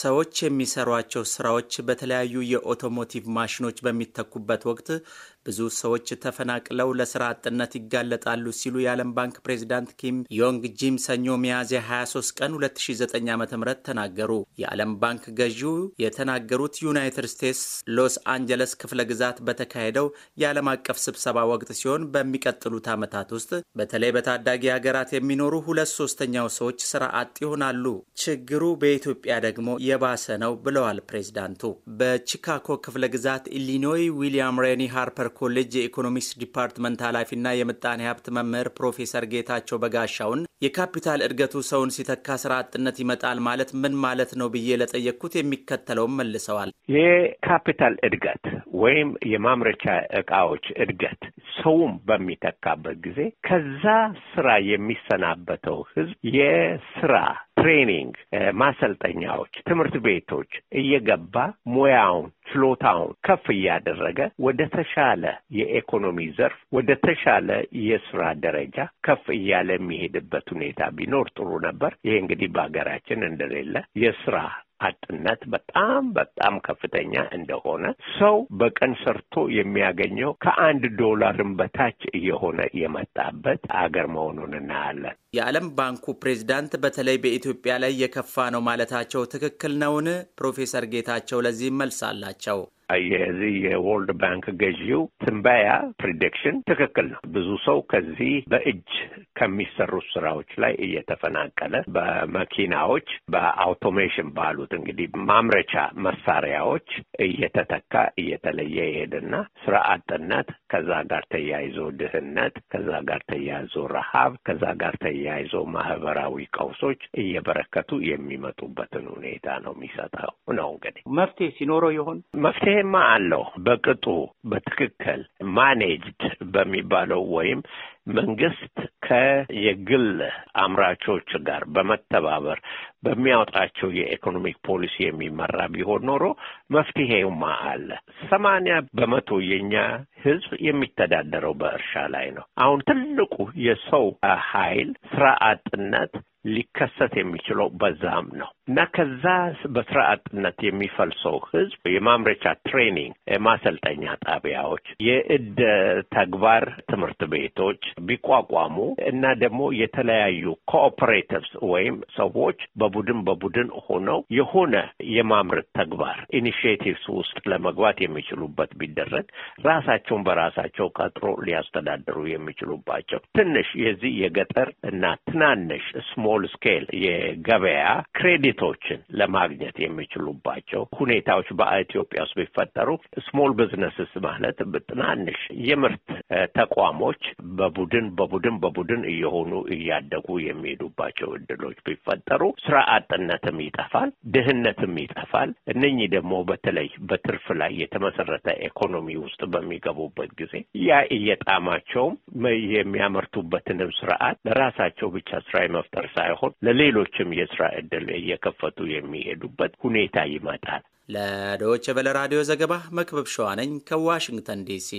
ሰዎች የሚሰሯቸው ስራዎች በተለያዩ የኦቶሞቲቭ ማሽኖች በሚተኩበት ወቅት ብዙ ሰዎች ተፈናቅለው ለስራ አጥነት ይጋለጣሉ ሲሉ የዓለም ባንክ ፕሬዚዳንት ኪም ዮንግ ጂም ሰኞ ሚያዝያ 23 ቀን 2009 ዓ ም ተናገሩ። የዓለም ባንክ ገዢው የተናገሩት ዩናይትድ ስቴትስ ሎስ አንጀለስ ክፍለ ግዛት በተካሄደው የዓለም አቀፍ ስብሰባ ወቅት ሲሆን በሚቀጥሉት ዓመታት ውስጥ በተለይ በታዳጊ ሀገራት የሚኖሩ ሁለት ሶስተኛው ሰዎች ስራ አጥ ይሆናሉ። ችግሩ በኢትዮጵያ ደግሞ የባሰ ነው ብለዋል ፕሬዚዳንቱ። በቺካጎ ክፍለ ግዛት ኢሊኖይ ዊሊያም ሬኒ ሃርፐር ኮሌጅ የኢኮኖሚክስ ዲፓርትመንት ኃላፊና የምጣኔ ሀብት መምህር ፕሮፌሰር ጌታቸው በጋሻውን የካፒታል እድገቱ ሰውን ሲተካ ስራ አጥነት ይመጣል ማለት ምን ማለት ነው ብዬ ለጠየቅኩት የሚከተለውም መልሰዋል። የካፒታል እድገት ወይም የማምረቻ እቃዎች እድገት ሰውም በሚተካበት ጊዜ ከዛ ስራ የሚሰናበተው ህዝብ የስራ ትሬኒንግ ማሰልጠኛዎች፣ ትምህርት ቤቶች እየገባ ሙያውን፣ ችሎታውን ከፍ እያደረገ ወደ ተሻለ የኢኮኖሚ ዘርፍ ወደ ተሻለ የስራ ደረጃ ከፍ እያለ የሚሄድበት ሁኔታ ቢኖር ጥሩ ነበር። ይሄ እንግዲህ በሀገራችን እንደሌለ የስራ አጥነት በጣም በጣም ከፍተኛ እንደሆነ ሰው በቀን ሰርቶ የሚያገኘው ከአንድ ዶላርም በታች እየሆነ የመጣበት አገር መሆኑን እናያለን። የዓለም ባንኩ ፕሬዚዳንት በተለይ በኢትዮጵያ ላይ የከፋ ነው ማለታቸው ትክክል ነውን? ፕሮፌሰር ጌታቸው ለዚህ መልስ አላቸው። የዚህ የወርልድ ባንክ ገዢው ትንበያ ፕሪዲክሽን ትክክል ነው። ብዙ ሰው ከዚህ በእጅ ከሚሰሩት ስራዎች ላይ እየተፈናቀለ በመኪናዎች በአውቶሜሽን ባሉት እንግዲህ ማምረቻ መሳሪያዎች እየተተካ እየተለየ ይሄድና ስራ አጥነት፣ ከዛ ጋር ተያይዞ ድህነት፣ ከዛ ጋር ተያይዞ ረሃብ፣ ከዛ ጋር ተያይዞ ማህበራዊ ቀውሶች እየበረከቱ የሚመጡበትን ሁኔታ ነው የሚሰጠው ነው እንግዲህ መፍትሄ ሲኖረው ይሆን መፍትሄ ማ አለው በቅጡ በትክክል ማኔጅድ በሚባለው ወይም መንግስት ከየግል አምራቾች ጋር በመተባበር በሚያወጣቸው የኢኮኖሚክ ፖሊሲ የሚመራ ቢሆን ኖሮ መፍትሄውማ አለ። ሰማንያ በመቶ የኛ ህዝብ የሚተዳደረው በእርሻ ላይ ነው። አሁን ትልቁ የሰው ኃይል ስራ አጥነት ሊከሰት የሚችለው በዛም ነው እና ከዛ በስራ አጥነት የሚፈልሰው ህዝብ የማምረቻ ትሬኒንግ፣ የማሰልጠኛ ጣቢያዎች፣ የእደ ተግባር ትምህርት ቤቶች ቢቋቋሙ እና ደግሞ የተለያዩ ኮኦፐሬቲቭስ ወይም ሰዎች በቡድን በቡድን ሆነው የሆነ የማምረት ተግባር ኢኒሽቲቭስ ውስጥ ለመግባት የሚችሉበት ቢደረግ ራሳቸውን በራሳቸው ቀጥሮ ሊያስተዳድሩ የሚችሉባቸው ትንሽ የዚህ የገጠር እና ትናንሽ ስሞል ስኬል የገበያ ክሬዲቶችን ለማግኘት የሚችሉባቸው ሁኔታዎች በኢትዮጵያ ውስጥ ቢፈጠሩ ስሞል ቢዝነስስ ማለት ትናንሽ የምርት ተቋሞች በቡ ቡድን በቡድን በቡድን እየሆኑ እያደጉ የሚሄዱባቸው እድሎች ቢፈጠሩ ስራ አጥነትም ይጠፋል፣ ድህነትም ይጠፋል። እነኚህ ደግሞ በተለይ በትርፍ ላይ የተመሰረተ ኢኮኖሚ ውስጥ በሚገቡበት ጊዜ ያ እየጣማቸውም የሚያመርቱበትንም ስርዓት ለራሳቸው ብቻ ስራ የመፍጠር ሳይሆን ለሌሎችም የስራ እድል እየከፈቱ የሚሄዱበት ሁኔታ ይመጣል። ለዶች በለ ራዲዮ ዘገባ መክበብ ሸዋነኝ ከዋሽንግተን ዲሲ